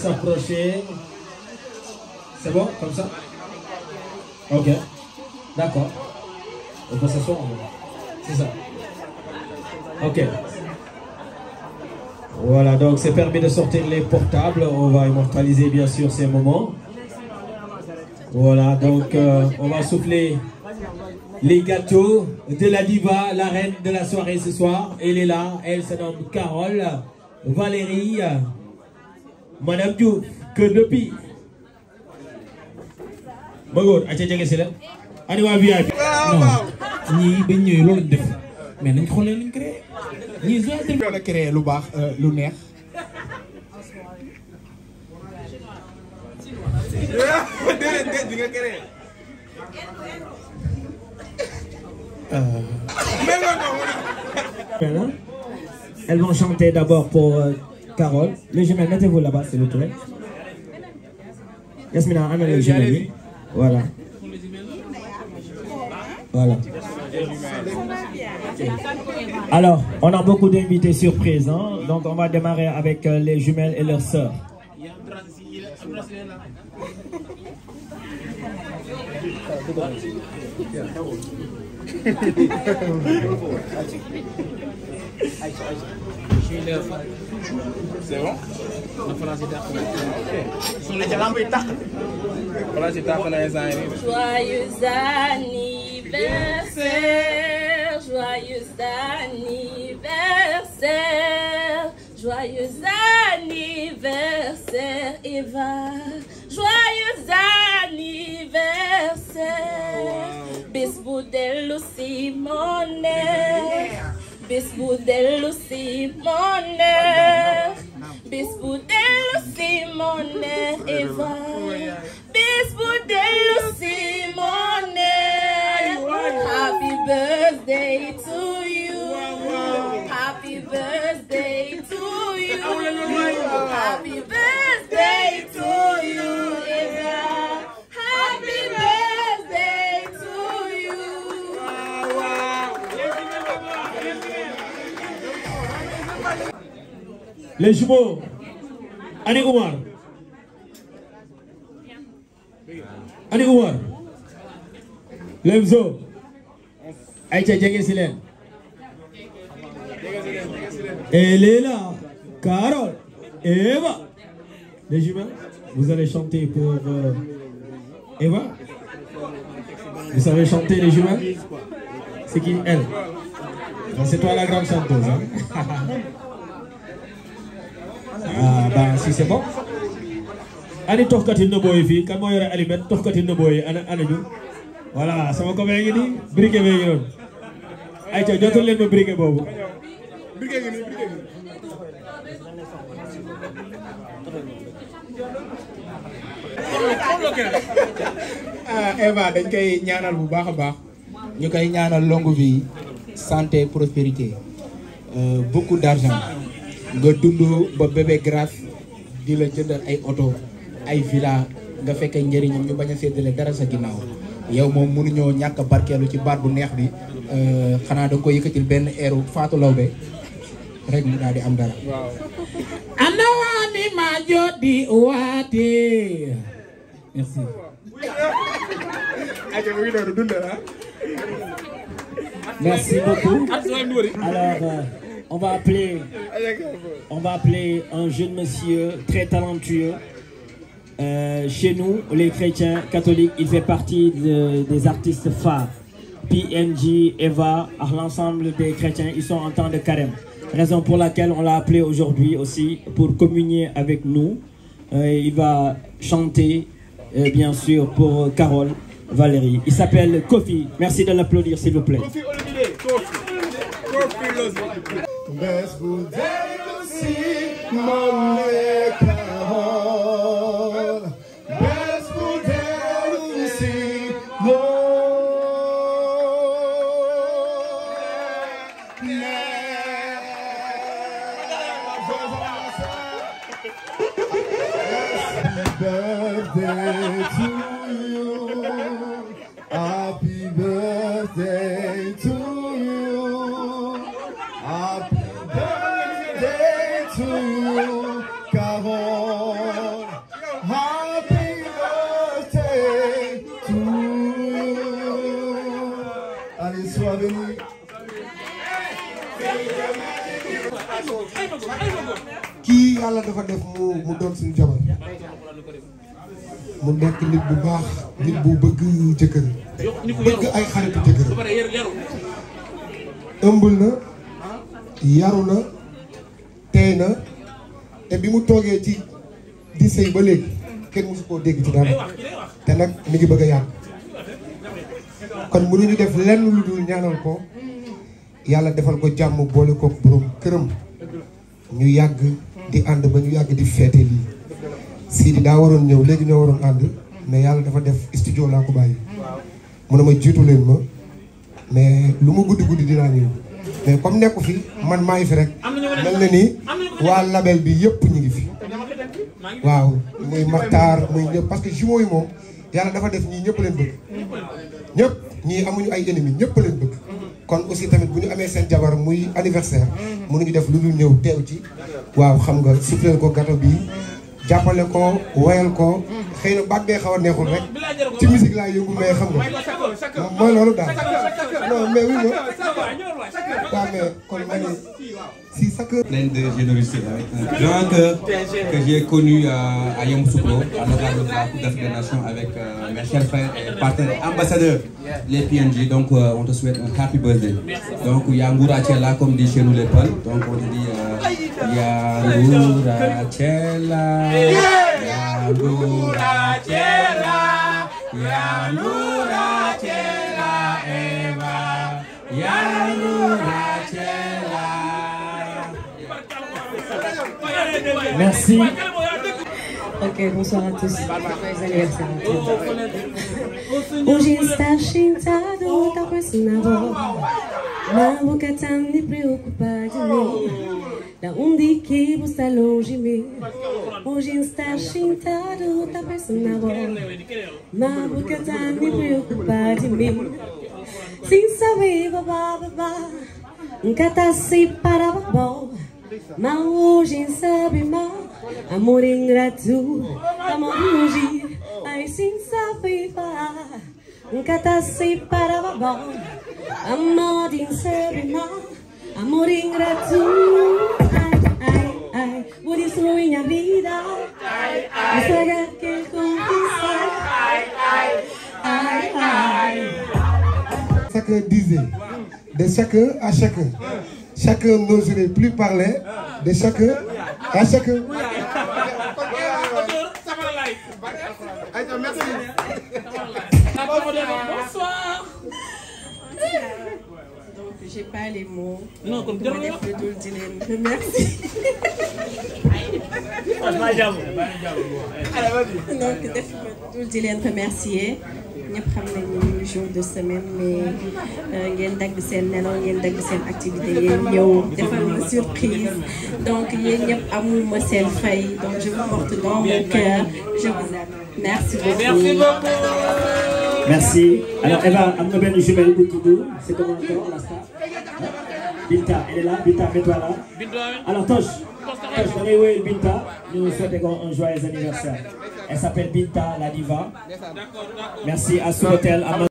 s'approcher. C'est donc c'est permis de sortir les portables. On va immortaliser bien sûr ces moments. Voilà, donc euh, on va souffler les gâteaux de la diva, la de la soirée ce soir. Elle est là, elle se nomme Carole, Valérie, madame Diouf kër depuis bëggoon a ca jege si la ani waa VIP non ñii loolu def mais nañ xoolee luñ créé ñii lu baax euh, lu neex euh. elles vont chanter pour euh, Carole les jumelles mettez-vous là-bas s'il Yasmina am na les jumelles yi voilà on a beaucoup d'invités surprises hein? donc on va démarrer avec euh, les jumelles leurs sœurs c'est bon. na falaas yi tàq na. su ne ca lamb yi tàq. falaas yi tàq na instant yii. joyeux anniversaire joyeux anniversaire joyeux anniversaire Eva joyeux anniversaire. bu dellu si moo neex bis bu dellu si moo neex bis bu dellu si moo neex Eva bis bu dellu si moo neex happy birthday les jumeaux Ani Oumar Ani Oumar Lemzo ayca jege si leen et Léla Carole et Eva les jumeaux vous allez chanter pour euh, Eva vous savez chanter les jumeaux c'est qui elle c'est toi la grande chanteuse hein ah Ba Cissé bokk. ani toxkati nëboo yi fii kan moo yore alimet toxkati nëboo yi ana ana ñu voilà sama ko ngi nii briquet bee ngi doon. briquet boobu. ah dañ koy ñaanal bu baax a baax. ñu koy ñaanal longue vie santé prospérité euh, beaucoup d'argent. nga dund ba bébé grâce di la jëndal ay oto ay villa nga fekk njëriñam ñu bañ a séddale dara sa ginnaaw yow moom mënuñoo ñàkk a barkeelu ci baat bu neex bi euh, xanaa da koy yëkkatil benn eeru Fatou Laobé rek mu daal di am dara. On va appeler un jeune monsieur très talentueux. Euh, chez nous, les chrétiens catholiques, il fait partie de, des artistes phares. PNJ, Eva, l'ensemble des chrétiens, ils sont en temps de carême. Raison pour laquelle on l'a appelé aujourd'hui aussi pour communier avec nous. Euh, il va chanter, euh, bien sûr, pour Carole, Valérie. Il s'appelle Kofi. Merci de l'applaudir, s'il vous plaît. Blessed will they to see my maker. Blessed will they to see more. Never. Happy birthday to you. kii yàlla dafa def mu mu doon suñu jabar mu nekk nit bu baax nit bu bëgg jëkkër bëgg ay xaritu jëkkër ëmbul na yaru na tey na te bi mu toogee ci di sëy ba léegi kenn mosu koo dégg ci dara te nag mi ngi bëgg a yàq kon mënuñu def lenn lu dul ñaanal ko yàlla defal ko jàmm boole ko borom këram ñu yàgg di ànd ba ñu yàgg di feete lii Sidi daa waroon ñëw léegi ñoo waroon ànd mais yàlla dafa def studio laa ko bàyyi mu ne ma jiitu leen ma mais lu ma guddi guddi dinaa ñëw mais comme nekku fi man maa ngi fi rek mel na ni waa label bi yëpp ñu ngi fi waaw muy Makhtar muy parce que jumeaux yi moom yàlla dafa def ñii ñëpp leen bëgg ñëpp ñii amuñu ay ennemis ñëpp leen bëgg kon aussi tamit bu ñu amee seen jabar muy anniversaire ñu def lu dul ñëw teew ci waaw xam nga suufleel ko gâteau bi jàppale ko woyal ko xëy na baat bee xaw a neexul rek ci musique laa yëngu mais xam nga mooy loolu daal non mais oui waaw mais kon ma ne de générosité avec un grand que j'ai connu à Yamoussoukro à de la Coupe d'Afrique Nations avec euh, mes chers et partenaires ambassadeurs les PNG donc euh, on te souhaite un happy birthday donc il y a Ngoura Thiela comme dit chez nous les donc on te dit il euh, y a Ngoura Thiela il y a Merci. Ok, bonsoir à tous. Hoje está sentado, talvez na rua. Mas nunca está me preocupado. Da onde que você está longe me? Hoje está sentado, talvez na rua. Mas nunca está me Sinsabibababa, Ncatasiparababob, Maujin sabima, amor ingrato, amor mugir, ai sinsabiba, Ncatasiparababob, amor insabima, amor ingrato, ai, ai, ai, por isso minha vida, ai, ai, chacun disait, de chacun à chacun. Chacun n'oserait plus parler, de chacun à chacun. Bonsoir. Donc, j'ai pas les mots. Non, comme Merci. Donc, def ma dul di leen remercier ñëpp xam nañ ni ñu jour de semaine mais euh, ngeen dagg seen nelaw ngeen dagg seen activité yéen ñëw defal ma surprise donc yéen ñëpp amuma seen fay donc je vous porte dans mon cœur je vous aime merci beaucoup. merci alors Eva am na benn jumelle bu tudd c'est comment on la star Binta elle est là Binta mets-toi là alors Toch Toch da ngay wéyal Binta ñu souhaité ko un joyeux anniversaire. Elle s'appelle Binta, la diva. Merci à Sotel.